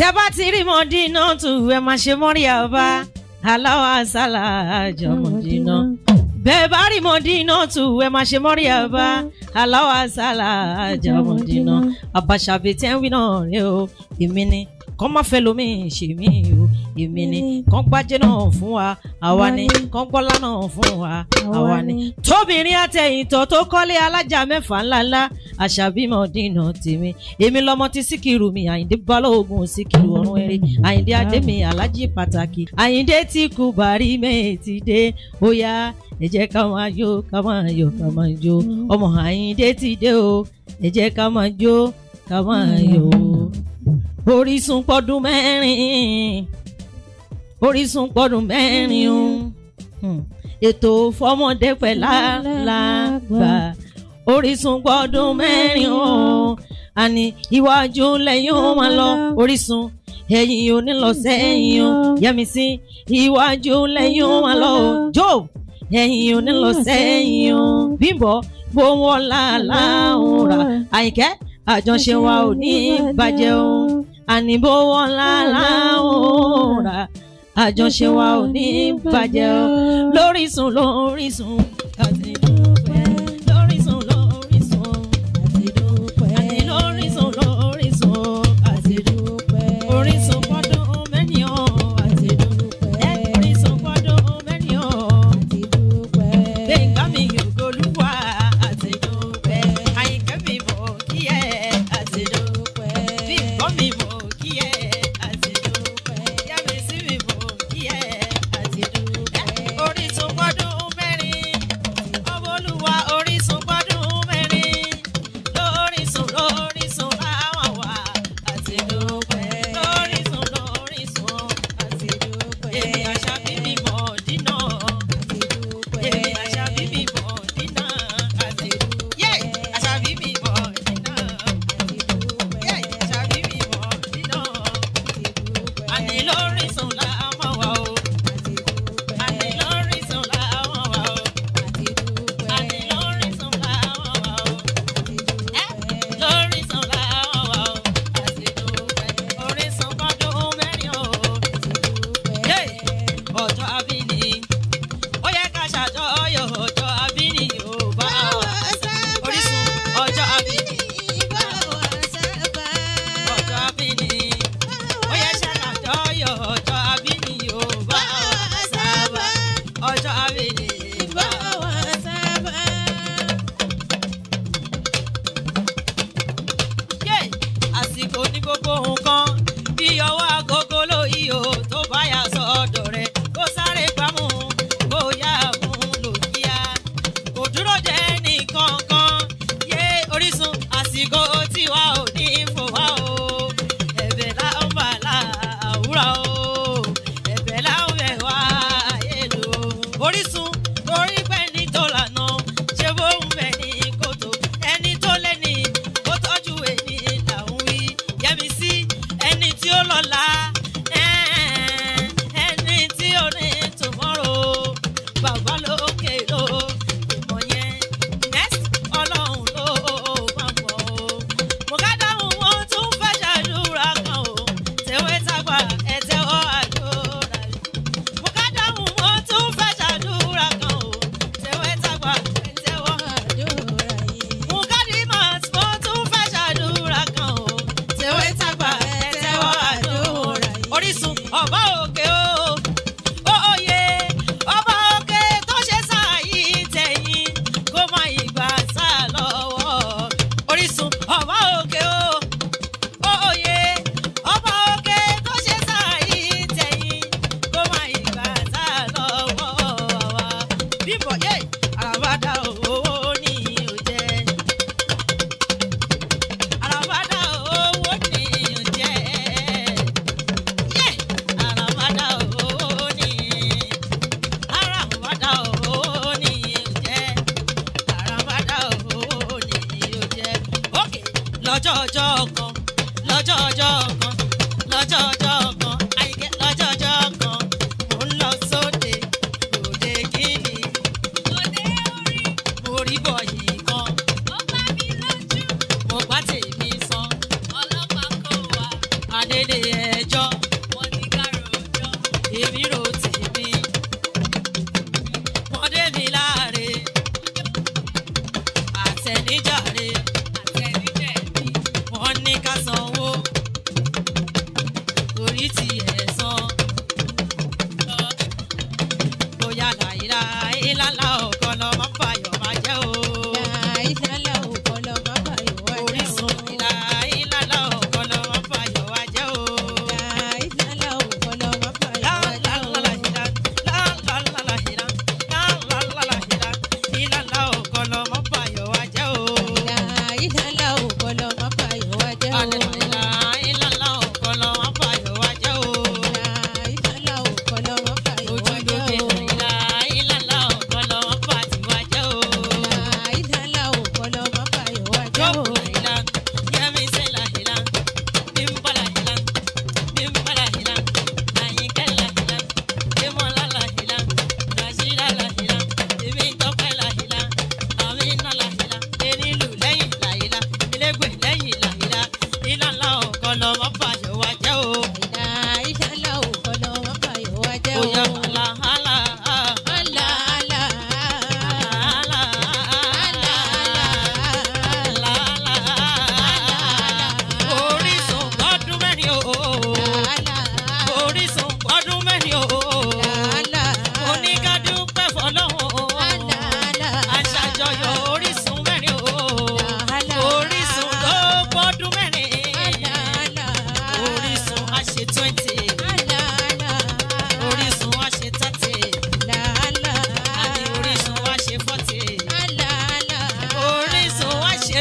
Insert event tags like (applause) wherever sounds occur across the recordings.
tẹ bá ti rí mọdínà tù ẹ máa ṣe mọ́ríà ọba aláwọ̀ àṣàlà àjọ mọdínà bẹ́ẹ̀ bá rí mọdínà tù ẹ máa ṣe mọ́ríà ọba aláwọ̀ àṣàlà àjọ mọdínà àbàṣàbí tẹ́ rẹ o èmi ni kọ́ máa fẹ́ lómi ṣèmí o èmi ni kàn gbájẹ́ náà fún wa àwa ni kàn gbọ́lá náà fún wa àwa ni. tóbìnrin àtẹ̀yìntọ́ tó kọ́lé alájà mẹ́fà ńláńlá àṣàbímọ̀ dínà tèmi èmi lọ́mọ tí síkìrù mi àyíndé balógun síkìrù ọ̀run eré àyíndé adémi alájì pàtàkì àyíndé tí kú bàrí méjì dé ó yá ẹ jẹ́ ká máa jó ká máa yọ ká máa jó ọmọ àyíndé ti dé o ẹ ká máa jó ká máa yọ Orísun pọ́dún mẹ́rin. Orísun pọ̀dùn mẹ́rin o hmm. ètò fọmọdé pẹ̀lá làgbà Orísun pọ̀dùn mẹ́rin o àní iwájú lẹ́yìn ó máa lọ Orísun ẹ̀yìn ò ní lọ sẹ́yìn o Yẹmisí iwájú lẹ́yìn ó máa lọ Job ẹ̀yìn ò ní lọ sẹ́yìn o Bímbọ́ gbowó ọ̀la làwọn ra Àyìnkẹ́ àjọṣe wa ò ní bàjẹ́ o àní gbowó ọ̀la làwọn àjọṣe wa ò ní bàjẹ́ o lórísun lórísun àti. Orísun àsìkò tiwa òde. la la.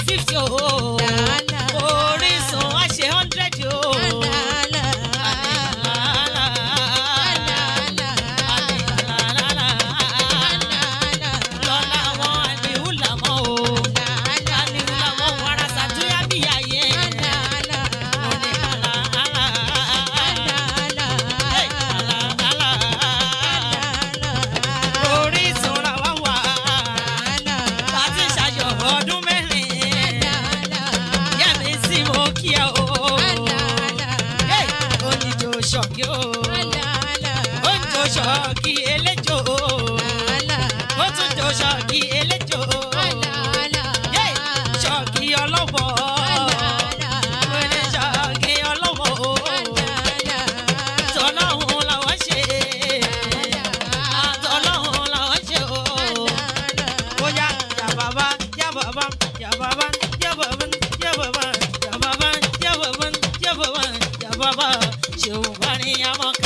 fifty o. Oh. làálàá. you, I'm a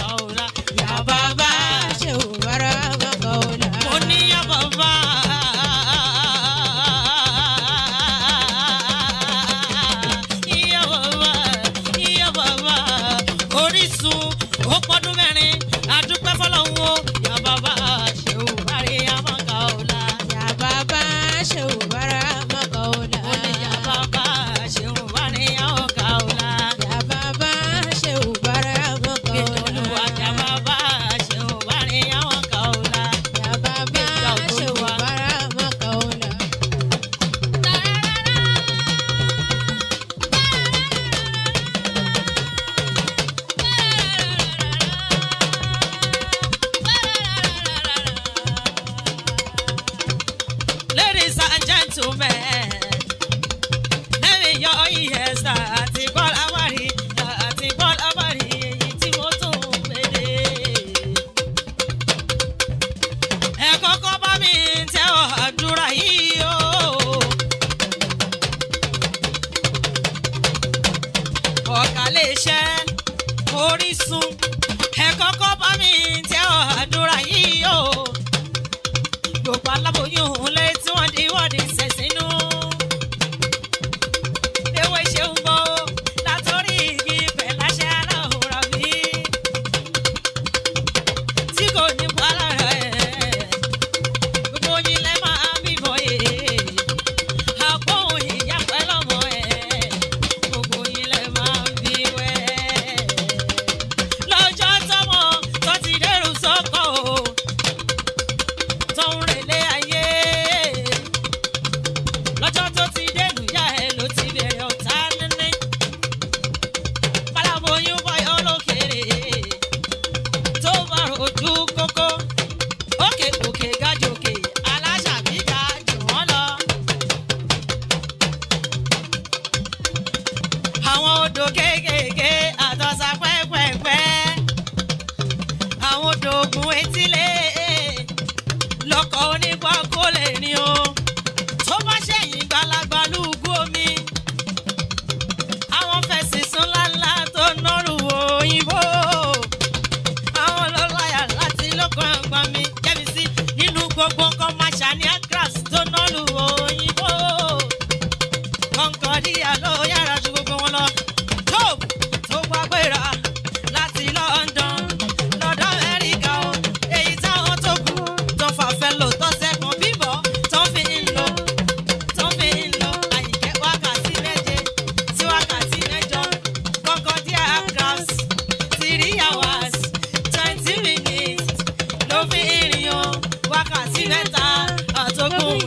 tí kò ní. gbogbo kọ́ máa ṣàní ẹ́gras tó náà lù wọ́.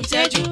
ìṣẹ́jú.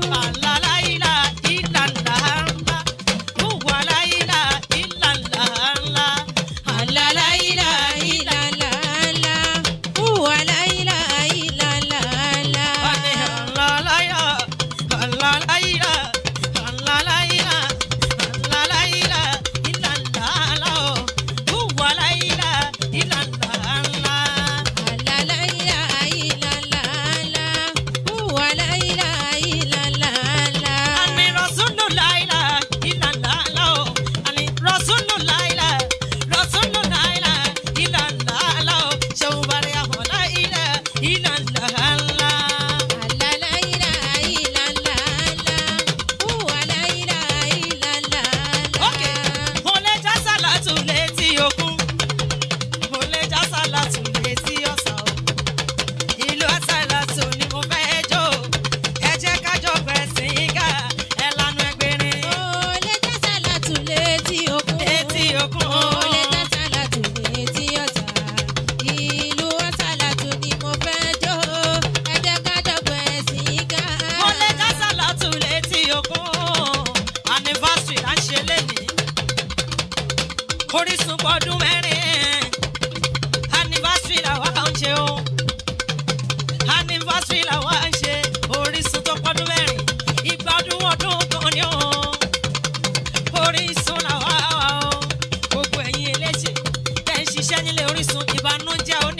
ẹ̀yin lè Orísun ìbànújẹ́ orí.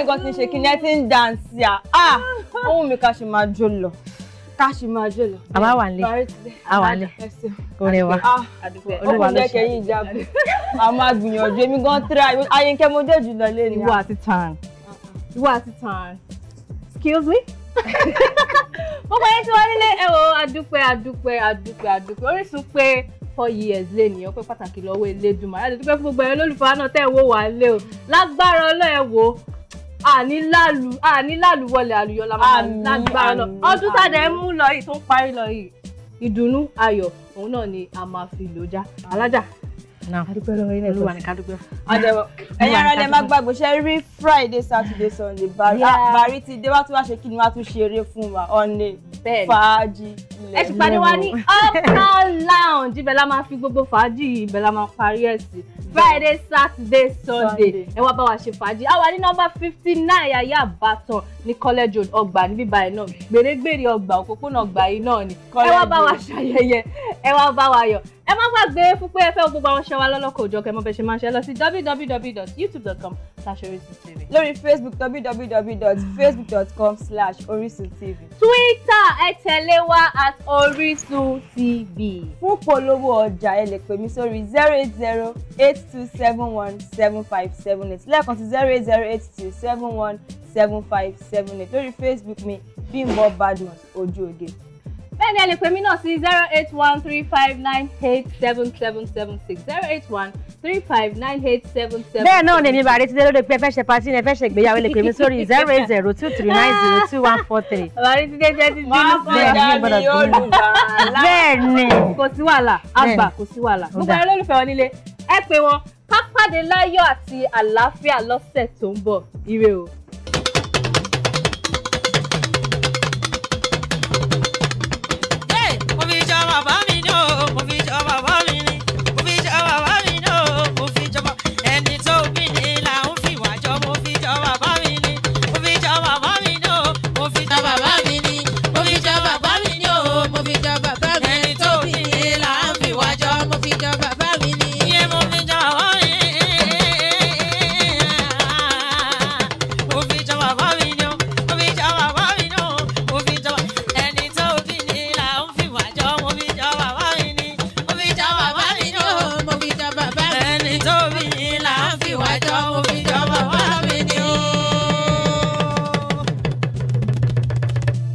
báyìí nǹkan ti ń ṣe kí ni ẹ ti ń dànsì à ohun mi ká ṣe máa jó lọ ká ṣe máa jó lọ. àwa wà nílé àwa nílé orin wa olúwa ló ṣe àdúgbò. a máa gbìyànjú èmi gan tíra ayínkẹ́ mo dé jùlọ lé ní. ìwọ àti tan ìwọ àti tan excuse me gbogbo (laughs) ẹni tí wọ́n nílé ẹ wo adúpẹ́ adúpẹ́ adúpẹ́ adúpẹ́ Orísun pé four years lé ní ọpẹ́ pàtàkì lọ́wọ́ Elédùmarè àti dúpẹ́ fún gbogbo ẹ lólùfẹ́ àná tẹ́ ẹ wò wá lé o lágbára ọlọ́ẹ̀ wo àní lálu àní lálu wọlé àlùyọ la máa lágbára lọ ọdún tàdé ń mú lọ yìí tó ń parí lọ yìí ìdùnnú ayọ̀ òun náà ni a máa fi lò já alájà adúpẹ́ lọ́wọ́ yín lẹ́tọ́ ní kádúpẹ́ ẹ̀yin ara lẹ máa gbàgbọ́ ṣe rí friday saturday sunday bàrí ah, ti dé wá tún wá ṣe kí ni wá tún ṣeré fún wa ọ̀nà fàájì ilẹ̀. ẹ sì pàdé wa ní uptown lounge ibẹ̀ la máa fi gbogbo fàájì ibẹ̀ la máa parí ẹ̀ sí friday saturday sunday ẹ wá bá wa ṣe fàájì a wà ní nọ́mbà fifty nine Yaya àbátan ní college road ọgbà níbí báyìí náà gbèrègbèrè ọgbà òpópónà ọgbà yìí náà ni ẹ wá bá wa ṣayẹyẹ ẹ wá bá wa yọ̀ ẹ má gbàgbé fún pé ẹ fẹ́ gbogbo àwọn ṣẹ́ wa lọ́lọ́kọ̀ òjọ́ kẹ́ mọ́ bẹ́ẹ̀ ṣe máa ṣe lọ sí www.youtube.com slash orisuntv. lórí facebook www.facebook.com slash orisuntv. twitter ẹ tẹ̀lé wa at orisuntv. fún polówó ọjà ẹ lè pè mí sórí zero eight zero eight two seven one seven five seven eight lẹ́ẹ̀kan sí zero eight zero eight two seven one seven five seven eight lórí facebook mi Bímbọ́ Badmus Ojúoge bẹ́ẹ̀ ni ẹ lè pè mí náà sí zero eight one three five nine eight seven seven seven six zero eight one three five nine eight seven seven. bẹ́ẹ̀ náà lèmi bàrẹ̀ títí lóde pé ẹ fẹ́ ṣe pati ni ẹ fẹ́ ṣe ìgbéyàwó ẹ lè pè mí sórí zero eight zero two three nine zero two one four three. bàrẹ̀ títí jẹ́ ti dínú sílẹ̀ ní gbọ́dọ̀ bínú. bẹ́ẹ̀ ni kò sí wàhálà àgbà kò sí wàhálà gbogbo ẹ lólùfẹ́ wọn nílé ẹ pè wọn ká